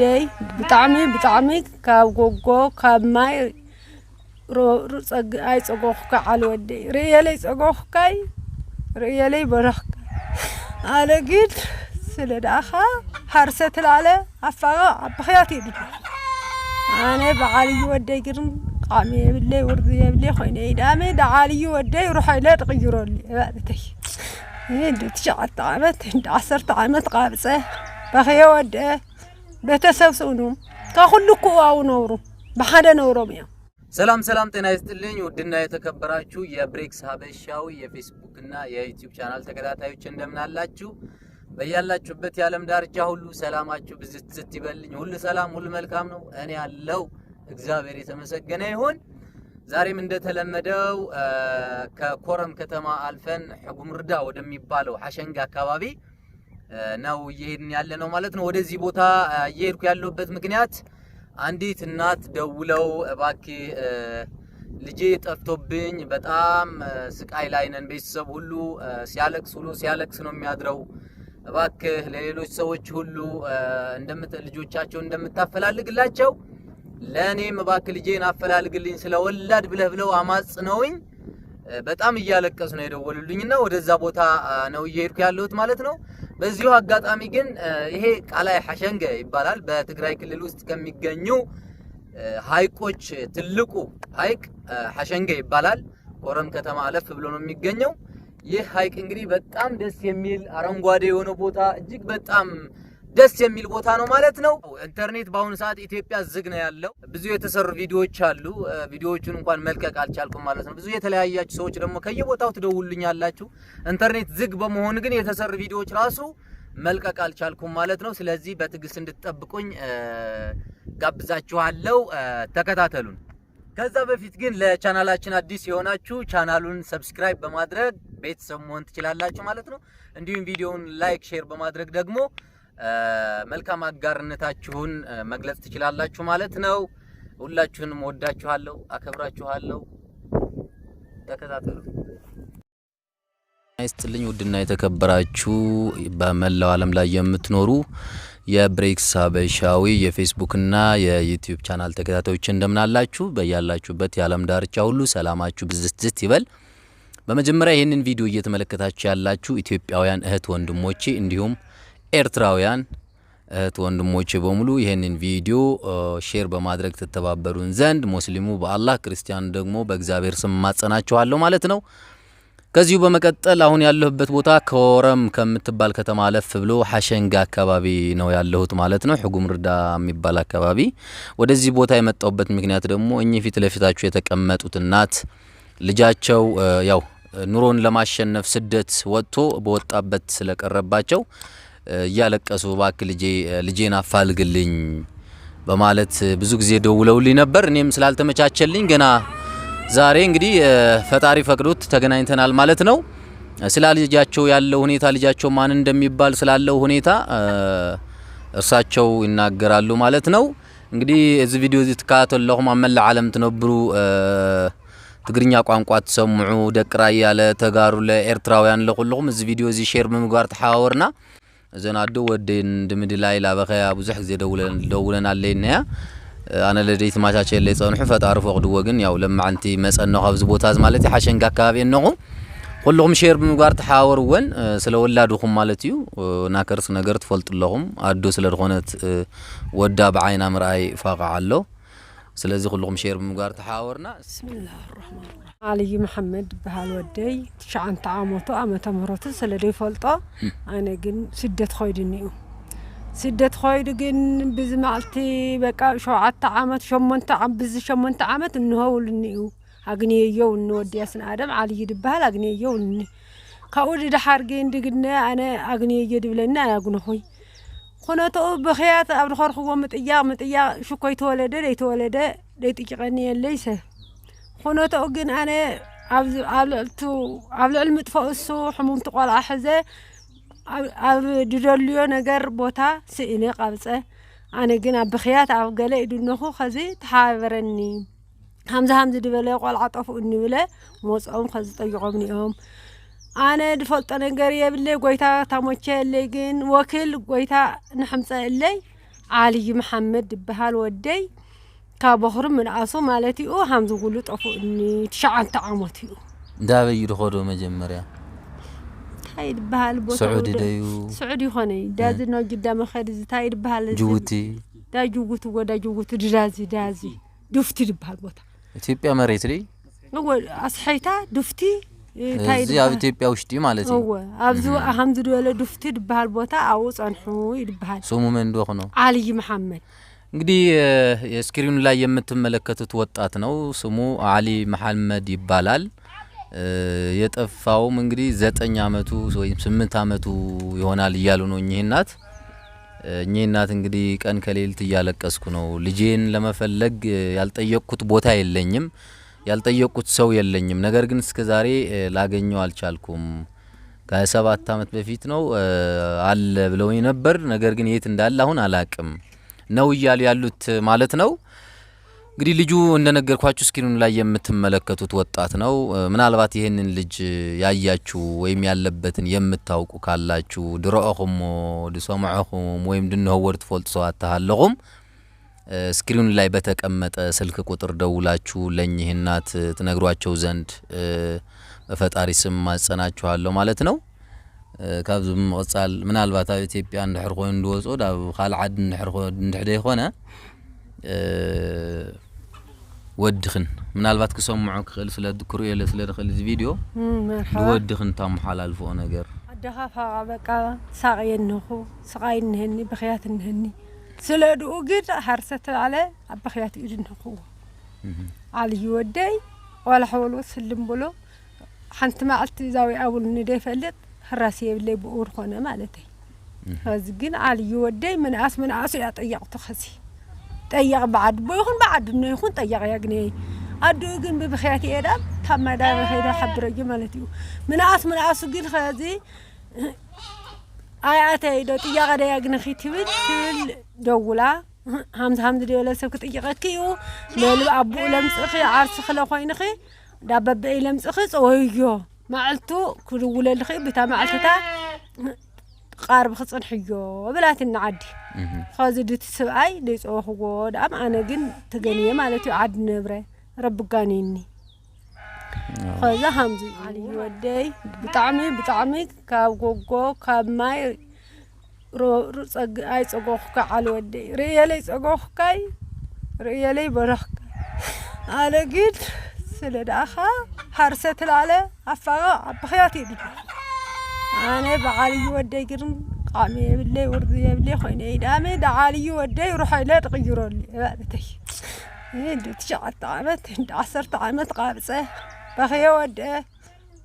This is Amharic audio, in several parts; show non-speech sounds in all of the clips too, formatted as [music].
ወደይ ብጣዕሚ ብጣዕሚ ካብ ጎጎ ካብ ማይ ፀግኣይ ፀጎኽካ ዓል ወደይ ርእየለይ ፀጎኽካይ ርእየለይ በረኽካ ኣነ ግን ስለ ደኣኻ ሓርሰ ትላለ ኣፋቐ ኣባኽያት ይድ ኣነ ብዓልዩ ወደይ ግን ቃዕሚ የብለይ ውርዲ የብለይ ኮይነ ዳሜ ዳዓልዩ ወደይ ሩሖ ኢለ ትቕይረሉ ባእተይ እንዲ ትሸዓተ ዓመት እንዲ ዓሰርተ ዓመት ቃብፀ በኸየ ወደአ ቤተሰብ ከሁሉ ኩዋው ነውሩ በሓደ ነውሮም እዮም ሰላም ሰላም፣ ጤና ይስጥልኝ ውድና የተከበራችሁ የብሬክስ ሀበሻዊ የፌስቡክ እና የዩቲዩብ ቻናል ተከታታዮች እንደምን አላችሁ? በያላችሁበት የዓለም ዳርቻ ሁሉ ሰላማችሁ ብዝት ዝት ይበልኝ። ሁሉ ሰላም፣ ሁሉ መልካም ነው። እኔ ያለው እግዚአብሔር የተመሰገነ ይሁን። ዛሬም እንደተለመደው ከኮረም ከተማ አልፈን ሕጉምርዳ ወደሚባለው ሐሸንጋ አካባቢ ነው እየሄድን ያለ ነው ማለት ነው። ወደዚህ ቦታ እየሄድኩ ያለሁበት ምክንያት አንዲት እናት ደውለው እባክህ ልጄ ጠፍቶብኝ በጣም ስቃይ ላይ ነን፣ ቤተሰብ ሁሉ ሲያለቅስ ሁሉ ሲያለቅስ ነው የሚያድረው። እባክህ ለሌሎች ሰዎች ሁሉ ልጆቻቸው እንደምታፈላልግላቸው ለእኔም እባክህ ልጄን አፈላልግልኝ ስለወላድ ብለህ ብለው አማጽነውኝ በጣም እያለቀሱ ነው የደወሉልኝና ወደዛ ቦታ ነው እየሄድኩ ያለሁት ማለት ነው። በዚሁ አጋጣሚ ግን ይሄ ቃላይ ሐሸንገ ይባላል። በትግራይ ክልል ውስጥ ከሚገኙ ሐይቆች ትልቁ ሐይቅ ሐሸንገ ይባላል። ኮረም ከተማ አለፍ ብሎ ነው የሚገኘው። ይህ ሐይቅ እንግዲህ በጣም ደስ የሚል አረንጓዴ የሆነ ቦታ እጅግ በጣም ደስ የሚል ቦታ ነው ማለት ነው። ኢንተርኔት በአሁኑ ሰዓት ኢትዮጵያ ዝግ ነው ያለው። ብዙ የተሰሩ ቪዲዮዎች አሉ። ቪዲዮዎቹን እንኳን መልቀቅ አልቻልኩም ማለት ነው። ብዙ የተለያያችሁ ሰዎች ደግሞ ከየቦታው ትደውሉኛላችሁ። ኢንተርኔት ዝግ በመሆኑ ግን የተሰሩ ቪዲዮዎች ራሱ መልቀቅ አልቻልኩም ማለት ነው። ስለዚህ በትዕግስት እንድትጠብቁኝ ጋብዛችኋለሁ። ተከታተሉን። ከዛ በፊት ግን ለቻናላችን አዲስ የሆናችሁ ቻናሉን ሰብስክራይብ በማድረግ ቤተሰብ መሆን ትችላላችሁ ማለት ነው። እንዲሁም ቪዲዮውን ላይክ፣ ሼር በማድረግ ደግሞ መልካም አጋርነታችሁን መግለጽ ትችላላችሁ ማለት ነው። ሁላችሁንም ወዳችኋለሁ፣ አከብራችኋለሁ። ተከታተሉ። ይስጥልኝ ውድና የተከበራችሁ በመላው ዓለም ላይ የምትኖሩ የብሬክስ ሀበሻዊ የፌስቡክና የዩቲዩብ ቻናል ተከታታዮች እንደምን አላችሁ? በያላችሁበት የዓለም ዳርቻ ሁሉ ሰላማችሁ ብዝትዝት ይበል። በመጀመሪያ ይህንን ቪዲዮ እየተመለከታችሁ ያላችሁ ኢትዮጵያውያን እህት ወንድሞቼ እንዲሁም ኤርትራውያን እህት ወንድሞች በሙሉ ይህንን ቪዲዮ ሼር በማድረግ ትተባበሩን ዘንድ ሙስሊሙ በአላህ ክርስቲያኑ ደግሞ በእግዚአብሔር ስም ማጸናችኋለሁ ማለት ነው። ከዚሁ በመቀጠል አሁን ያለሁበት ቦታ ከወረም ከምትባል ከተማ አለፍ ብሎ ሐሸንጋ አካባቢ ነው ያለሁት ማለት ነው። ሕጉም ርዳ የሚባል አካባቢ። ወደዚህ ቦታ የመጣሁበት ምክንያት ደግሞ እኚህ ፊት ለፊታችሁ የተቀመጡት እናት ልጃቸው ያው ኑሮን ለማሸነፍ ስደት ወጥቶ በወጣበት ስለቀረባቸው እያለቀሱ እባክህ ልጄ ልጄን አፋልግልኝ በማለት ብዙ ጊዜ ደውለውልኝ ነበር። እኔም ስላልተመቻቸልኝ ገና ዛሬ እንግዲህ ፈጣሪ ፈቅዶት ተገናኝተናል ማለት ነው። ስላ ልጃቸው ያለው ሁኔታ ልጃቸው ማን እንደሚባል ስላለው ሁኔታ እርሳቸው ይናገራሉ ማለት ነው። እንግዲህ እዚ ቪዲዮ እዚ ትከታተለኹም ኣብ መላእ ዓለም ትነብሩ ትግርኛ ቋንቋ ትሰምዑ ደቂ ራያ ለተጋሩ ለኤርትራውያን ለኩልኹም እዚ ቪዲዮ እዚ ሼር ብምግባር ተሓዋወርና እዘን ኣዶ ወደይ ድምድላይ ላበኸያ ብዙሕ ግዜ ደውለን ኣለየና እያ ኣነ ለደይቲ ማቻቸለ ፀንሑ ፈጣሪ ፈቅድዎ ግን ያው ለማዓንቲ መፀኖ ካብዚ ቦታ እዚ ማለት እዩ ሓሸንጋ ኣከባቢ ኣነቑ ኩልኹም ሼር ብምግባር ተሓዋወርወን ስለ ወላድኹም ማለት እዩ ናከርስ ነገር ትፈልጡ ኣለኹም ኣዶ ስለ ዝኾነት ወዳ ብዓይና ምርኣይ ፋቕዓ ኣሎ ስለዚ ኩልኹም ሼር ብምግባር ተሓዋወርና ብስምላህ ራሕማን علي محمد بهالودي شعن تعامته أما تمرته سلدي فلطة أنا جن سدت خايدني سدت خايد جن بزمالتي بقى شو عت تعامت شو من تعم بز شو من تعامت إنه هو النيو أغني يو نودي أسن آدم علي دبهال أغني يو ني كأولي دحرجين دقنا أنا أغني يد بلنا أنا أقول خوي خنا تو بخيات أبو خارخ ومت أيام مت أيام شو كويت ولده ليت ولده ليت يغني ليسه خونت اوگین هنی عبد عبدالعلم تفاوسو حموم تو قلعه حزه عبد جدالیو نگر بوتا سینه قبضه آن گنا بخیات عبد جلای دو نخو خزی تحرنی همزه همزه دیوله قلعه تفاوت نیوله موس آم خزی تیغام نیام آن دفتر نگری ابله قویتا تماچه لگن وکل قویتا نحمت الله علی محمد بهال ودی ካብ ኣኽሪ ምንኣሶ ማለት እዩ ከምዚ ኩሉ ጠፉእኒ ትሸዓንተ ዓመት እዩ እንዳበይ ድኸዶ መጀመርያ እንታይ ድበሃል ስዑድ ደዩ ስዑድ ይኮነ ዳዚ ናብ ጅዳ መኸዲ እንታይ ድበሃል ጅቡቲ ዳ ጅቡቲ ጎ ጅቡቲ ድዳዚ ዳዚ ድፍቲ ድበሃል ቦታ ኢትዮጵያ መሬት ድ ኣስሐይታ ድፍቲ እዚ ኣብ ኢትዮጵያ ውሽጢ ማለት እዩ ኣብዚ ከምዚ ድበለ ድፍቲ ድበሃል ቦታ ኣብኡ ፀንሑ ይድበሃል ስሙ መን ዶ ኾኖ ዓልይ መሓመድ እንግዲህ የስክሪኑ ላይ የምትመለከቱት ወጣት ነው። ስሙ አሊ መሐመድ ይባላል። የጠፋውም እንግዲህ ዘጠኝ አመቱ ወይም ስምንት አመቱ ይሆናል እያሉ ነው እኚህ እናት እኚህ እናት እንግዲህ ቀን ከሌሊት እያለቀስኩ ነው ልጄን ለመፈለግ ያልጠየቅኩት ቦታ የለኝም፣ ያልጠየቅኩት ሰው የለኝም። ነገር ግን እስከ ዛሬ ላገኘው አልቻልኩም ከሰባት አመት በፊት ነው አለ ብለውኝ ነበር። ነገር ግን የት እንዳለ አሁን አላቅም ነው እያሉ ያሉት ማለት ነው። እንግዲህ ልጁ እንደነገርኳችሁ ስክሪኑ ላይ የምትመለከቱት ወጣት ነው። ምናልባት ይህንን ልጅ ያያችሁ ወይም ያለበትን የምታውቁ ካላችሁ ድረኦኹም ድሰምዖኹም ወይም ድንህወር ትፈልጡ ሰው አታሃለኹም ስክሪኑ ላይ በተቀመጠ ስልክ ቁጥር ደውላችሁ ለእኚህ እናት ትነግሯቸው ዘንድ በፈጣሪ ስም ማጸናችኋለሁ ማለት ነው። ካብዚ ብምቕፃል ምናልባት ኣብ ኢትዮጵያ እንድሕር ኮይኑ ንድወፆ ናብ ካልእ ዓዲ እንድሕር ደይኮነ ወድኽን ምናልባት ክሰምዖ ክኽእል ክርእዮ ስለ ድኽእል እዚ ቪድዮ ብወድኽን ተመሓላልፍኦ ነገር ኣደኻ ፋቃ በቃ ሳቕየ እንኹ ስቃይ እንህኒ ብክያት እንህኒ ስለ ድኡ ግድ ሃርሰ ተባዕለ ኣብ ብክያት ኢድ እንህኽዎ ዓልይ ወደይ ቆላሕበሎ ስልም ብሎ ሓንቲ መዓልቲ ዛዊ ኣብሉ ንደይፈልጥ ሕራስ የብለይ ብኡር ኮነ ማለት እዩ ሕዚ ግን ኣልዩ ወደይ መንኣስ መንኣስ እያ ጠያቕቲ ኸሲ ጠያቕ በዓድ ቦ ይኹን በዓድ ይኹን ጠያቕ እያ ግን ኣድኡ ግን ብብክያት እየ ዳ ካብ ከይዳ ሓብረዩ ማለት እዩ ምንኣስ ምንኣሱ ግን ከዚ ኣይኣተይ ዶ ጥያቐ ደያ ግን ኺ ትብል ደውላ ሃምዚ ሃምዚ ደበለ ሰብ ክጥይቐኪ እዩ መልብ ኣቦኡ ለምፅኺ ዓርሲ ክለ ኮይኑኺ ዳ ለምፅኺ ፀወዮ معلتو كرول لخي بتا معلتتا قارب خصن حيو بلات النعدي خازي دي تسبعي دي صوخو دام انا جن تغنيه مالتي عد نبره رب غانيني آه. خازا حمزي علي يودي بطعمي بطعمي كاب غوغو كاب ماي رو رو صق اي صقوخ كا على ودي ريالي صقوخ كاي ريالي برخ على [laughs] جد سلداخا هرسات العلا عفاقة بخياتي دي أنا بعالي ودي قرن قامي بالله ورضي بالله خويني دامي دعالي ودي روح لا تغيروني لي بعدتي هند تشعت عمت هند عصرت عمت قابسة بخيا ودي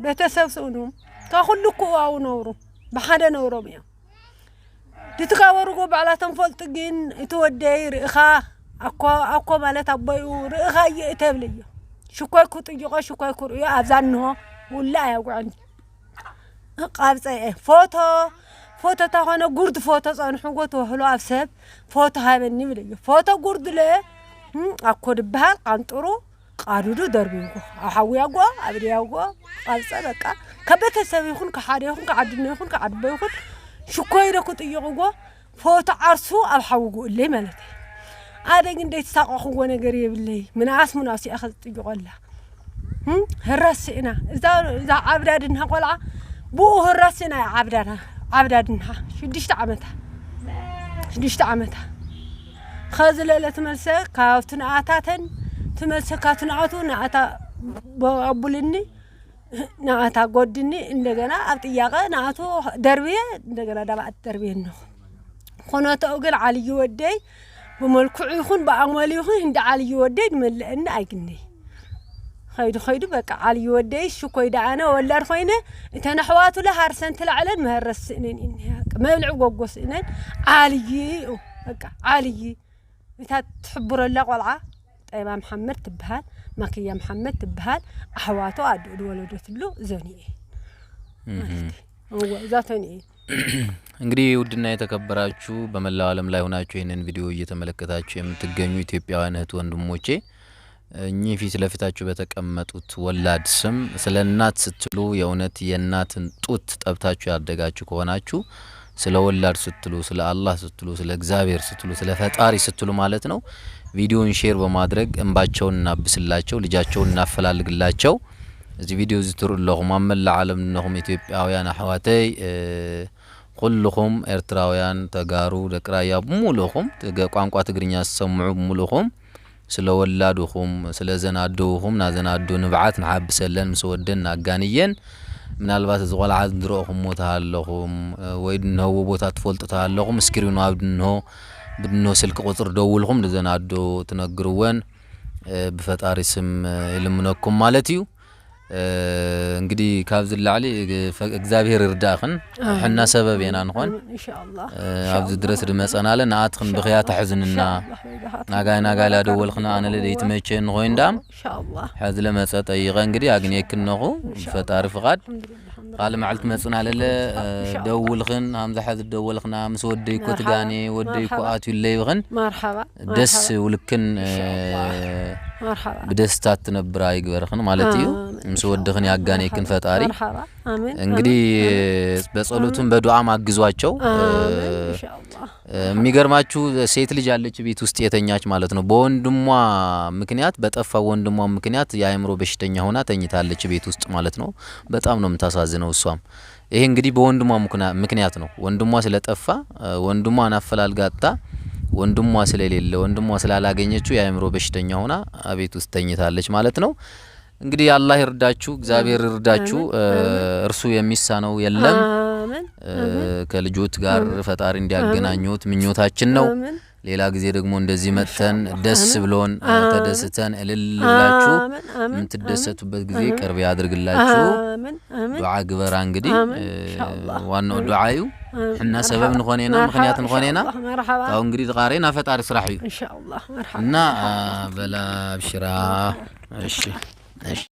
بتسوسونهم تاخلوا قوة ونورو بحدا نورو ميا تتغاوروا بعلاتهم فلطقين تودي رئخا أكو أكو مالت أبوي رئخا يأتبليه ሽኮይኩ ጥይቆ ሽኮይኩ ርዮ ኣብዛንሆ ውላ ኣያጉዕኒ ቃብፀአ ፎቶ ፎቶ ታኾነ ጉርድ ፎቶ ፀንሕጎ ተወህሎ ኣብ ሰብ ፎቶ ሃበኒ ይብል እዩ ፎቶ ጉርድ ለ ኣኮ ድበሃል ቃንጥሩ ቃዱዱ ደርቢንጎ ኣብ ሓዊያጎ ኣብ ድያጎ ቃብፀ በቃ ካብ ይኹን ካብ ይኹን ካብ ይኹን ካብ ዓድቦ ይኹን ሽኮይደኩ ጥይቑጎ ፎቶ ዓርሱ ኣብ ሓዊጉ እለይ ማለት እዩ ኣነ ግን ደይተሳቐኽዎ ነገር የብለይ ምናኣስ ምናስ እያ ከዝጥይቆላ ህራስእና እዛ ዓብዳድና ቆልዓ ብኡ ህራስእና እያ ዓብዳድና ሽዱሽተ ዓመታ ሽዱሽተ ዓመታ ከዝለለ ትመልሰ ካብቲ ንኣታተን ትመልሰ ካብቲ ንኣቱ ንኣታ ኣቡልኒ ንኣታ ጎድኒ እንደገና ኣብ ጥያቀ ንኣቱ ደርብየ እንደገና ዳባኣት ደርብየ ኣለኹ ኩነትኡ ግን ዓልዩ ወደይ ብመልክዑ ይኹን ብኣግመሉ ይኹን እንደ ዓልይ ወደይ ድመልአና ኣይግኒ ኸይዱ ኸይዱ በቃ ዓልይ ወደይ እሺ ኮይዳ ወላድ ኮይነ እተን ኣሕዋቱለ ሃርሰን ትላዕለን መህረስ ስእነን እኒያ መብልዕ ጎጎ ስእነን ዓልይ እዩ እታ ትሕብረላ ቆልዓ ጠይባ መሓመድ ትበሃል ማክያ መሓመድ ትበሃል ኣሕዋቶ ኣድኡ ድወለዶትሉ እዞን እየ ማለት እዩ እየ እንግዲህ ውድና የተከበራችሁ በመላው ዓለም ላይ ሆናችሁ ይህንን ቪዲዮ እየተመለከታችሁ የምትገኙ ኢትዮጵያውያን እህት ወንድሞቼ እኚህ ፊት ለፊታችሁ በተቀመጡት ወላድ ስም ስለ እናት ስትሉ የእውነት የእናትን ጡት ጠብታችሁ ያደጋችሁ ከሆናችሁ ስለ ወላድ ስትሉ ስለ አላህ ስትሉ ስለ እግዚአብሔር ስትሉ ስለ ፈጣሪ ስትሉ ማለት ነው ቪዲዮን ሼር በማድረግ እንባቸውን እናብስላቸው፣ ልጃቸውን እናፈላልግላቸው። እዚ ቪድዮ እዚ ትርኢ ኣለኹም ኣብ መላእ ዓለም ነኹም ኢትዮጵያውያን ኣሕዋተይ ኩልኹም ኤርትራውያን ተጋሩ ደቂ ራያ ብምሉኹም ቋንቋ ትግርኛ ዝሰምዑ ብምሉኹም ስለ ወላድኹም ስለ ዘናደውኹም ናዘናዶ ንብዓት ንሓብሰለን ምስ ወደን ናጋንየን ምናልባት እዚ ቆልዓ ዝንረእኹምሞ ተሃለኹም ወይ ድንህዎ ቦታ ትፈልጡ ተሃለኹም እስክሪኑ ኣብ ድንሆ ብድንሆ ስልኪ ቁፅር ደውልኹም ንዘናዶ ትነግርወን ብፈጣሪ ስም ይልምነኩም ማለት እዩ እንግዲ ካብዚ ላዕሊ እግዚኣብሄር ይርዳእኽን ሕና ሰበብ ኢና ንኾን ኣብዚ ድረስ ድመፀና ድመፀናለ ንኣትኽን ብኽያ ተሕዝንና ናጋይ ናጋይ ላደወልኽና ኣነለ ደይትመቸ ንኮይን ዳ ሕዚ ለመፀ ጠይቐ እንግዲ ኣግንየክን ፈጣሪ ፍቓድ ካልእ መዓልቲ መፅና ለለ ደውልኽን ከምዚ ሓዚ ደወልኽና ምስ ወደይኮ ትጋኔ ወደይኮ ለይብኽን ደስ ውልክን ብደስታ ትነብር አይግበርኽን ማለት እዩ ምስ ወድኽን ያጋኔክን ፈጣሪ እንግዲህ በጸሎቱን በዱዓም አግዟቸው። የሚገርማችሁ ሴት ልጅ ያለች ቤት ውስጥ የተኛች ማለት ነው። በወንድሟ ምክንያት በጠፋ ወንድሟ ምክንያት የአእምሮ በሽተኛ ሆና ተኝታለች ቤት ውስጥ ማለት ነው። በጣም ነው የምታሳዝነው እሷም ይሄ እንግዲህ በወንድሟ ምክንያት ነው። ወንድሟ ስለጠፋ ወንድሟን አፈላልጋታ ወንድሟ ስለሌለ ወንድሟ ስላላገኘችው የአእምሮ በሽተኛ ሆና ቤት ውስጥ ተኝታለች ማለት ነው። እንግዲህ አላህ ይርዳችሁ፣ እግዚአብሔር ይርዳችሁ። እርሱ የሚሳነው የለም። ከልጆት ጋር ፈጣሪ እንዲያገናኙት ምኞታችን ነው። ሌላ ጊዜ ደግሞ እንደዚህ መጥተን ደስ ብሎን ተደስተን እልልላችሁ የምትደሰቱበት ጊዜ ቅርብ ያድርግላችሁ። ዱዓ ግበራ። እንግዲህ ዋናው ዱዓዩ ሕና ሰበብ ንኾነና ምክንያት ንኾነና ካብኡ እንግዲህ ዝቃረየ ናብ ፈጣሪ ስራሕ እዩ እና በላ ብሽራ እሺ እሺ